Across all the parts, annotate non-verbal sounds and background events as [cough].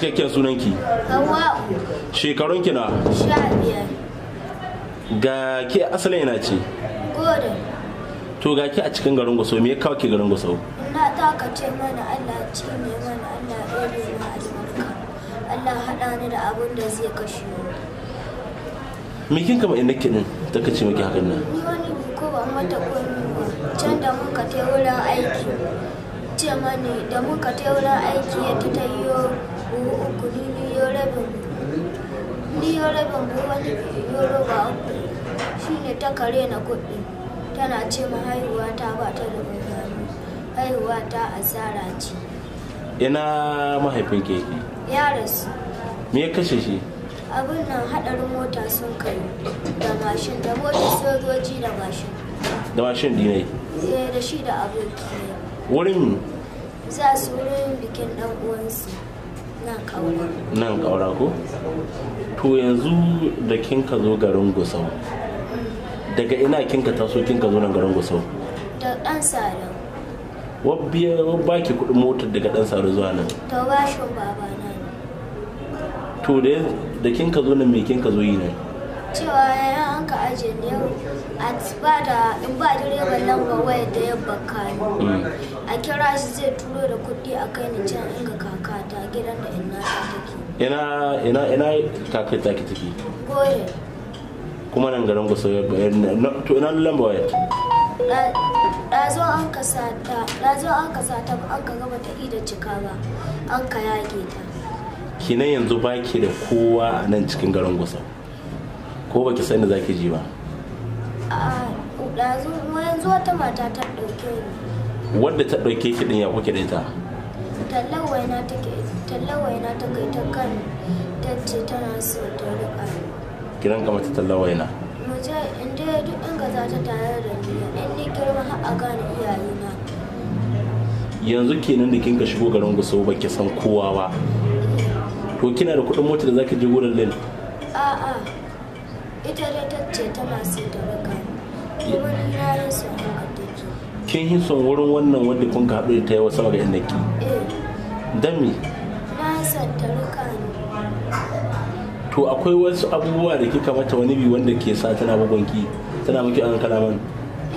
cikakken sunanki shekarun ki na ga ke asalin yana ce to ga ke a cikin garin gusau me ya kawo ki garin gusau na ta ka ce mana Allah ce ne mana Allah ɗaya ma albarka Allah haɗa ni da abin da zai kashe me kin kama inda kinin ta kace miki hakan nan ni wani ko ba mata ko ba can da muka ta wurin aiki ce mani da muka ta aiki ya ta yi buhu uku ni ni yo rabin ni yo rabin buhu wani yo roba uku ne ta kare na kuɗi tana ce ma haihuwa ta ba ta da mutane haihuwa ta asara ce ina mahaifin ke ya rasu me kashe shi abin nan hadarin mota sun kai da mashin da motar sojoji da mashin da mashin dinai da shi da aboki wurin za su wurin bikin ɗan uwansu nan kaura nan kaura ko to yanzu da kin ka zo garin gusau daga ina kin ka taso kin ka zo nan garin gusau da dan salo wabbiya baki kudin motar daga dan salo zuwa nan to baba babana to da kin ka zo nan me kin ka zo yi nan cewa ya an ka aje ne a ba da in ba direban lamba waya da yabba kayi a kira shi zai turo da kuɗi a kai ni can inga ta gidan da ina ta take ina ina ina ta take take goye kuma nan garin gusa to ina lamba waya ɗazo an ka ta ɗazo an ka sata ba an ka gaba ta ida cika ba an ka yage ta kinan yanzu baki da kowa a nan cikin garin gusa ko baki sani za ki ji ba ɗazu yanzu wata mata ta ɗauke ni wadda ta ɗauke ki ɗin ya kuke da ita tallawaina na ta kai ta kan ta ce tana so ta riƙa kiran ka mata tallawaina mu Mace inda ya duk inga za ta tare da ni in ni girma har a gane iyayena yanzu kenan da kinka shigo garin gusau baki san kowa ba to kina da kuɗin mota da za ka je wurin, lil ita dai ta ce ta masu da raka kuma na yi su take kin yi son wurin wannan wanda kun ka haɗu ta yi wasu ga yan naki dami na san ta raka ne to akwai wasu abubuwa da kika mata wani bi wanda ke sa tana bugun ki tana miki an kalaman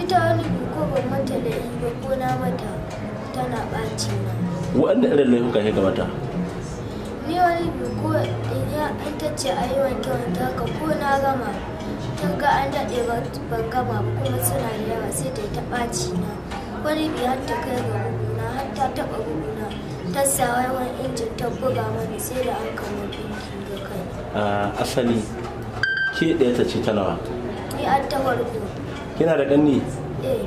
ita wani bi ko ban mata da yi ba ko na mata tana ɓaci na waɗanda irin laifuka ya gabata ni wani bi ko ce a yi wanke-wanke haka ko na gama tun ga an daɗe ba gama ba kuma suna da yawa sai ta yi ta ɓaci na wani biyar ta kai ga na har ta taɓa na ta sa wani injin ta buga mana sai da an kama binkin da kai. asali ke ɗaya ta ce ta nawa? ni an ta farko. kina da ƙanni? eh.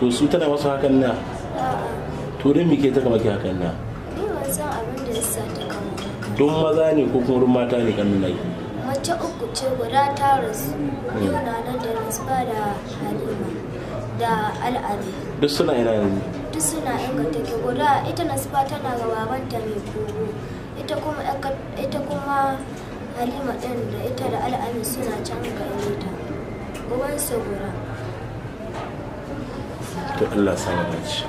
to su tana wasu hakan na? a'a. to don me ke ta kama ke hakan na? ni ban san abin da ya sa ta don maza ne ko kuma mata ne kan yi mace uku ce guda ta rasu yau na nan da nasba da halima da al'adu duk suna ina yanzu duk suna yanka take guda ita nasba tana ga babanta mai koro ita kuma ita kuma halima din da ita da al'adu suna can ga ta uban su guda to Allah sa dace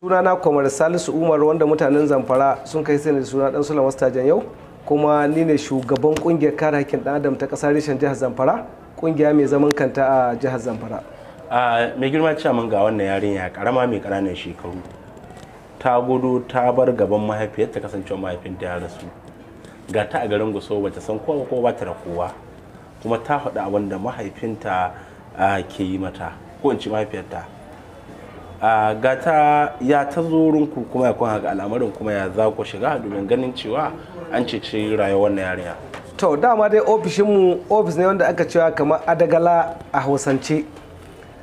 suna na kwamar salisu umar wanda mutanen zamfara sun kai sani suna dan sulan wastajen yau kuma ni ne shugaban kungiyar kare hakkin dan adam ta kasar reshen jihar zamfara kungiya mai zaman kanta a jihar zamfara mai girma mun ga wannan yarinya karama mai kananan shekaru ta gudu ta bar gaban mahaifiyarta kasancewa mahaifinta ya rasu ga ta a garin ba bata san kowa ko bata da kowa kuma ta faɗa abin da mahaifinta ke yi mata ko in ci mahaifiyarta a gata ya ta zurin ku kuma ya ga al'amarin kuma ya za ku shiga domin ganin cewa an cece rayuwar na yarinya to dama dai ofishin mu ofis ne wanda aka cewa kamar adagala a hausance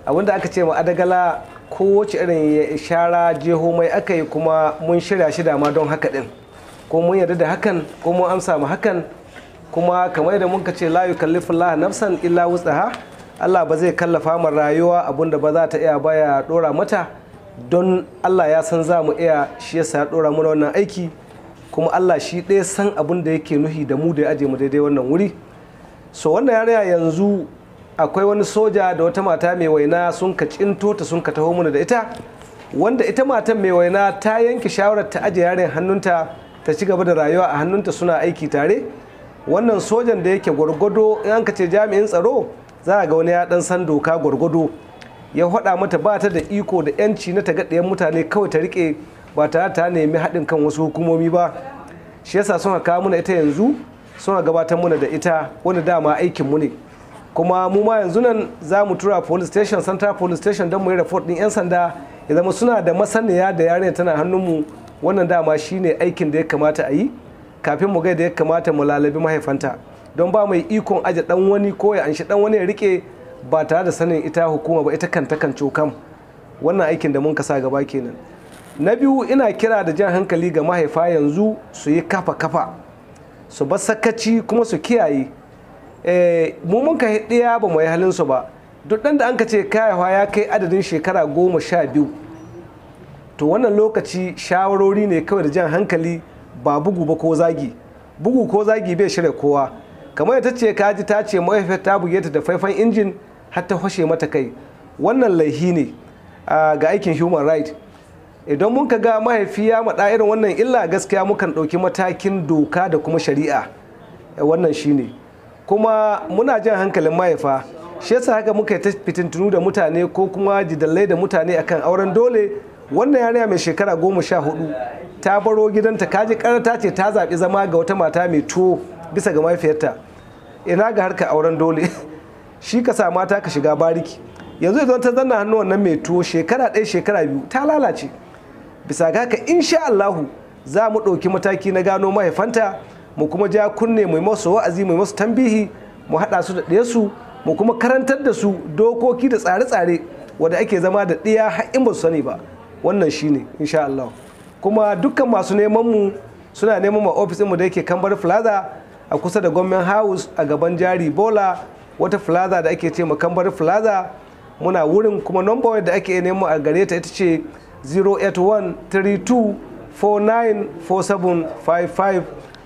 abinda aka ce ma adagala kowace irin shara jeho mai aka yi kuma mun shirya shi dama don haka din ko mun yarda da hakan ko mun amsa ma hakan kuma kamar da muka ce la yukallifu Allah nafsan illa wutsaha Allah ba zai kallafa mu rayuwa abinda ba za ta iya baya dora mata don Allah ya san za mu iya shi yasa ya dora mana wannan aiki kuma Allah shi ɗaya san abin da yake nuhi da mu da ya aje mu daidai wannan wuri so wannan yarinya yanzu akwai wani soja da wata mata mai waina sun ka cinto ta sun ka taho mana da ita wanda ita matan mai waina ta yanke shawarar ta aje yarin hannunta ta ci gaba da rayuwa a hannunta suna aiki tare wannan sojan da yake gwargwado in an ce jami'in tsaro za a ga wani ya dan san doka gwargwado ya haɗa mata ba ta da iko da yanci na ta tagaɗayan mutane kawai ta rike ba tare ta nemi haɗin kan wasu hukumomi ba shi yasa suna kawo muna ita yanzu suna gabatar muna da ita wanda dama aikin mu ne kuma mu ma yanzu nan za mu tura police station central police station don mu yi report din yan sanda ya zama suna da masaniya da yarinya tana hannunmu wannan dama shine aikin da ya kamata a yi kafin mu ga da ya kamata mu lalabi mahaifanta don ba mai ikon aje dan wani ko ya anshi dan wani ya rike ba tare da sanin ita hukuma ba ita kanta kan cokam wannan aikin da mun kasa gaba kenan na biyu ina kira da jan hankali ga mahaifa yanzu su yi kafa kafa su ba sakaci kuma su kiyaye eh, mu mun ka ɗaya ba mu yi halin su ba duk dan da an ka ce kayawa ya kai adadin shekara goma sha biyu to wannan lokaci shawarori ne kawai da jan hankali ba bugu ba ko zagi bugu ko zagi bai shirya kowa kamar ita ce kaji ta ce mahaifiyar ta buge ta da faifan injin har ta fashe mata kai wannan laihi ne ga aikin human right idan mun ga mahaifiya maɗa irin wannan illa gaskiya mukan ɗauki matakin doka da kuma shari'a wannan shine kuma muna jan hankalin mahaifa shi yasa haka muka yi ta fitintunu da mutane ko kuma jidallai da mutane akan auren dole wannan yarinya mai shekara goma sha hudu ta baro gidanta kaji karata ce ta zaɓi zama ga wata mata mai tuwo bisa ga mahaifiyarta ina ga harka auren dole [laughs] shi ka sa mata ka shiga bariki yanzu idan ta zanna hannu wannan mai tuwo shekara ɗaya shekara biyu ta lalace bisa ga haka insha Allahu za mu ɗauki mataki na gano mahaifanta mu kuma ja kunne mai masu wa'azi mai masu tambihi mu haɗa su da ɗaya su mu kuma karantar da su dokoki da tsare-tsare wanda ake zama da ɗiya har in ba su sani ba wannan shine insha Allah kuma dukkan masu neman mu suna neman ma ofis mu da yake Kambar Plaza a kusa da gwamnan house a gaban jari bola wata plaza da ake ce makambar plaza muna wurin kuma number da ake nemo a gare ta ita ce 08132494755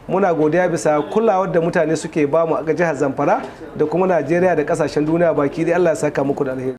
muna godiya bisa kulawar da mutane suke bamu a jihar zamfara da kuma najeriya da kasashen duniya baki dai allah ya saka muku da alheri